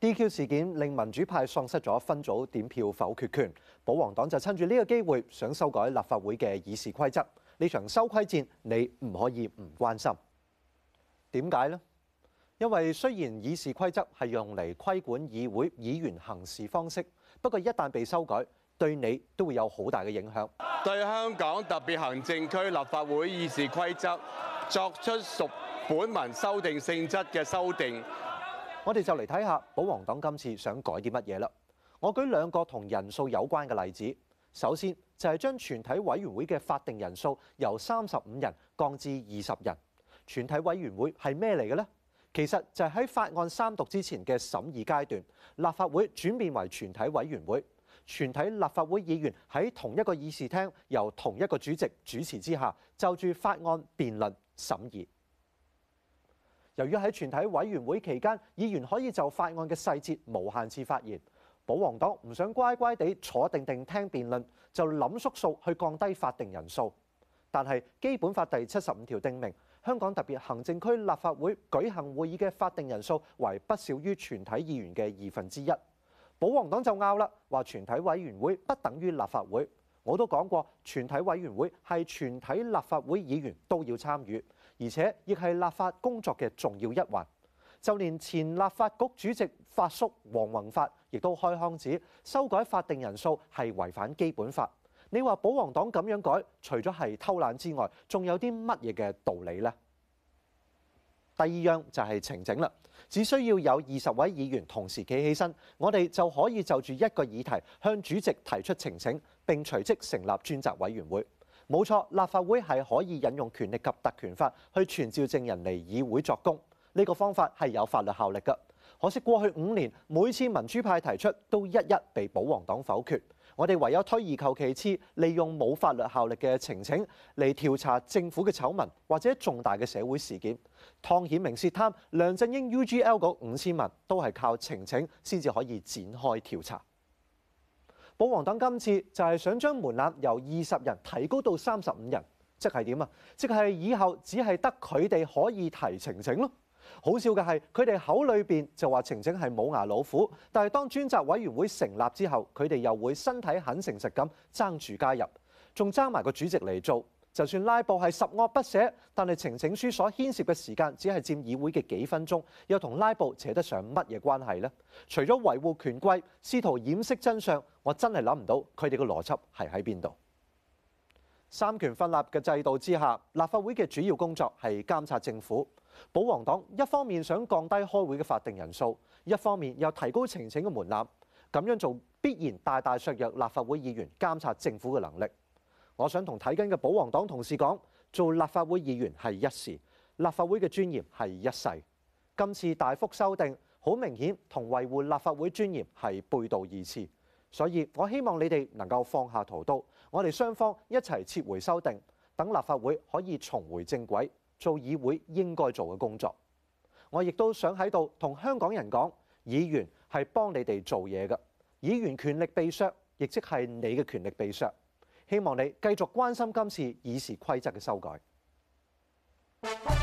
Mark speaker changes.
Speaker 1: DQ 事件令民主派喪失咗分組點票否決權，保皇黨就趁住呢個機會想修改立法會嘅議事規則。呢場修規戰，你唔可以唔關心。點解呢？因為雖然議事規則係用嚟規管議會議員行事方式，不過一旦被修改，對你都會有好大嘅影響。對香港特別行政區立法會議事規則作出屬本文修訂性質嘅修訂。我哋就嚟睇下保皇黨今次想改啲乜嘢啦！我舉兩個同人數有關嘅例子。首先就係將全體委員會嘅法定人數由三十五人降至二十人。全體委員會係咩嚟嘅呢？其實就係喺法案三讀之前嘅審議階段，立法會轉變為全體委員會，全體立法會議員喺同一個議事廳，由同一個主席主持之下，就住法案辯論審議。由於喺全體委員會期間，議員可以就法案嘅細節無限次發言，保皇黨唔想乖乖地坐定定聽辯論，就諗縮數去降低法定人數。但係《基本法》第七十五條定明，香港特別行政區立法會舉行會議嘅法定人數為不少於全體議員嘅二分之一。保皇黨就拗啦，話全體委員會不等於立法會。我都講過，全體委員會係全體立法會議員都要參與。而且亦係立法工作嘅重要一環。就連前立法局主席發叔黃宏發，亦都開腔指修改法定人數係違反基本法。你話保皇黨咁樣改，除咗係偷懶之外，仲有啲乜嘢嘅道理呢？第二樣就係呈請啦，只需要有二十位議員同時企起身，我哋就可以就住一個議題向主席提出呈請，並隨即成立專責委員會。冇錯，立法會係可以引用權力及特權法去傳召證人嚟議會作供，呢個方法係有法律效力嘅。可惜過去五年，每次民主派提出都一一被保皇黨否決。我哋唯有推而求其次，利用冇法律效力嘅情情嚟調查政府嘅醜聞或者重大嘅社會事件，湯顯明涉貪、梁振英 UGL 嗰五千萬都係靠情情先至可以展開調查。保皇黨今次就係想將門檻由二十人提高到三十五人，即係點啊？即係以後只係得佢哋可以提晴晴咯。好笑嘅係，佢哋口裏邊就話晴晴係冇牙老虎，但係當專責委員會成立之後，佢哋又會身體很誠實咁爭住加入，仲爭埋個主席嚟做。就算拉布係十惡不赦，但係呈請書所牽涉嘅時間只係佔議會嘅幾分鐘，又同拉布扯得上乜嘢關係呢？除咗維護權貴、試圖掩飾真相，我真係諗唔到佢哋嘅邏輯係喺邊度。三權分立嘅制度之下，立法會嘅主要工作係監察政府。保皇黨一方面想降低開會嘅法定人數，一方面又提高呈請嘅門檻，咁樣做必然大大削弱立法會議員監察政府嘅能力。我想同睇緊嘅保皇黨同事講，做立法會議員係一時，立法會嘅尊嚴係一世。今次大幅修訂，好明顯同維護立法會尊嚴係背道而馳。所以我希望你哋能夠放下屠刀，我哋雙方一齊撤回修訂，等立法會可以重回正軌，做議會應該做嘅工作。我亦都想喺度同香港人講，議員係幫你哋做嘢嘅，議員權力被削，亦即係你嘅權力被削。希望你繼續關心今次議事規則嘅修改。